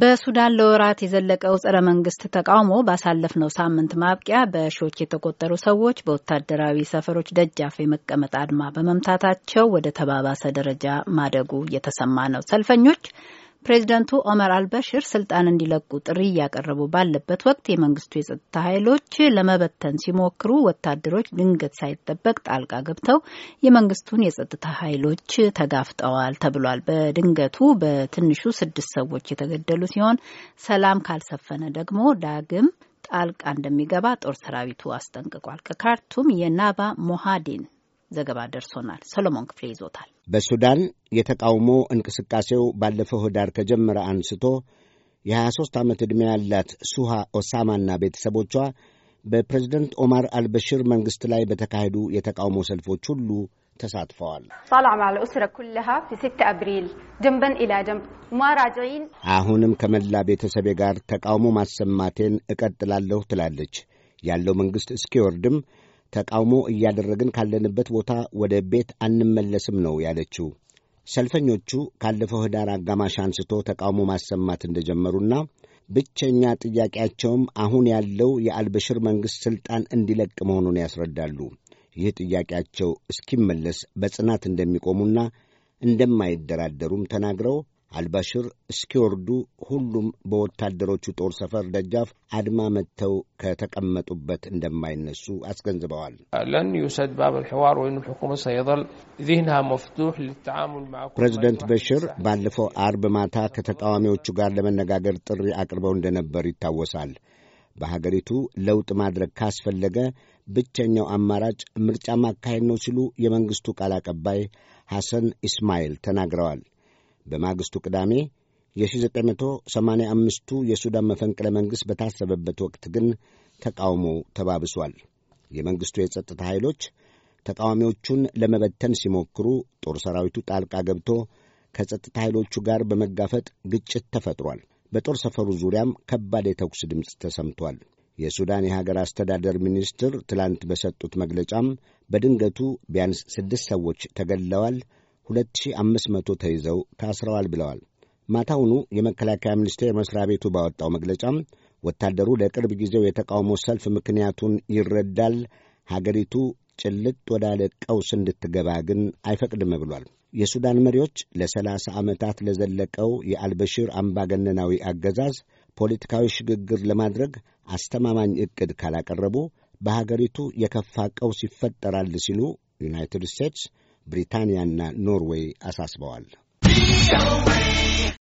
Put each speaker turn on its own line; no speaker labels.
በሱዳን ለወራት የዘለቀው ጸረ መንግስት ተቃውሞ ባሳለፍነው ሳምንት ማብቂያ በሺዎች የተቆጠሩ ሰዎች በወታደራዊ ሰፈሮች ደጃፍ የመቀመጥ አድማ በመምታታቸው ወደ ተባባሰ ደረጃ ማደጉ እየተሰማ ነው። ሰልፈኞች ፕሬዚደንቱ ኦመር አልበሽር ስልጣን እንዲለቁ ጥሪ እያቀረቡ ባለበት ወቅት የመንግስቱ የጸጥታ ኃይሎች ለመበተን ሲሞክሩ ወታደሮች ድንገት ሳይጠበቅ ጣልቃ ገብተው የመንግስቱን የጸጥታ ኃይሎች ተጋፍጠዋል ተብሏል። በድንገቱ በትንሹ ስድስት ሰዎች የተገደሉ ሲሆን ሰላም ካልሰፈነ ደግሞ ዳግም ጣልቃ እንደሚገባ ጦር ሰራዊቱ አስጠንቅቋል። ከካርቱም የናባ ሞሃዲን ዘገባ ደርሶናል። ሰሎሞን ክፍሌ ይዞታል።
በሱዳን የተቃውሞ እንቅስቃሴው ባለፈው ኅዳር ከጀመረ አንስቶ የ23 ዓመት ዕድሜ ያላት ሱሃ ኦሳማና ቤተሰቦቿ በፕሬዝደንት ኦማር አልበሽር መንግሥት ላይ በተካሄዱ የተቃውሞ ሰልፎች ሁሉ ተሳትፈዋል። አሁንም ከመላ ቤተሰቤ ጋር ተቃውሞ ማሰማቴን እቀጥላለሁ ትላለች። ያለው መንግሥት እስኪወርድም ተቃውሞ እያደረግን ካለንበት ቦታ ወደ ቤት አንመለስም ነው ያለችው። ሰልፈኞቹ ካለፈው ኅዳር አጋማሽ አንስቶ ተቃውሞ ማሰማት እንደጀመሩና ብቸኛ ጥያቄያቸውም አሁን ያለው የአልበሽር መንግሥት ሥልጣን እንዲለቅ መሆኑን ያስረዳሉ። ይህ ጥያቄያቸው እስኪመለስ በጽናት እንደሚቆሙና እንደማይደራደሩም ተናግረው አልባሽር እስኪወርዱ ሁሉም በወታደሮቹ ጦር ሰፈር ደጃፍ አድማ መጥተው ከተቀመጡበት እንደማይነሱ አስገንዝበዋል።
ለን ዩሰድ ባብ ልሕዋር ወይኑ ሕኩመ ሰየል ዚህንሃ መፍቱሕ ልተዓሙል ፕሬዚደንት በሽር
ባለፈው አርብ ማታ ከተቃዋሚዎቹ ጋር ለመነጋገር ጥሪ አቅርበው እንደነበር ይታወሳል። በሀገሪቱ ለውጥ ማድረግ ካስፈለገ ብቸኛው አማራጭ ምርጫ ማካሄድ ነው ሲሉ የመንግሥቱ ቃል አቀባይ ሐሰን ኢስማኤል ተናግረዋል። በማግስቱ ቅዳሜ የ1985ቱ የሱዳን መፈንቅለ መንግሥት በታሰበበት ወቅት ግን ተቃውሞው ተባብሷል። የመንግሥቱ የጸጥታ ኃይሎች ተቃዋሚዎቹን ለመበተን ሲሞክሩ ጦር ሰራዊቱ ጣልቃ ገብቶ ከጸጥታ ኃይሎቹ ጋር በመጋፈጥ ግጭት ተፈጥሯል። በጦር ሰፈሩ ዙሪያም ከባድ የተኩስ ድምፅ ተሰምቷል። የሱዳን የሀገር አስተዳደር ሚኒስትር ትላንት በሰጡት መግለጫም በድንገቱ ቢያንስ ስድስት ሰዎች ተገድለዋል፣ 2500 ተይዘው ታስረዋል ብለዋል። ማታውኑ የመከላከያ ሚኒስቴር መስሪያ ቤቱ ባወጣው መግለጫም ወታደሩ ለቅርብ ጊዜው የተቃውሞ ሰልፍ ምክንያቱን ይረዳል፣ ሀገሪቱ ጭልጥ ወዳለ ቀውስ እንድትገባ ግን አይፈቅድም ብሏል። የሱዳን መሪዎች ለሰላሳ ዓመታት ለዘለቀው የአልበሺር አምባገነናዊ አገዛዝ ፖለቲካዊ ሽግግር ለማድረግ አስተማማኝ ዕቅድ ካላቀረቡ በሀገሪቱ የከፋ ቀውስ ይፈጠራል ሲሉ ዩናይትድ ስቴትስ ብሪታንያና ኖርዌይ አሳስበዋል።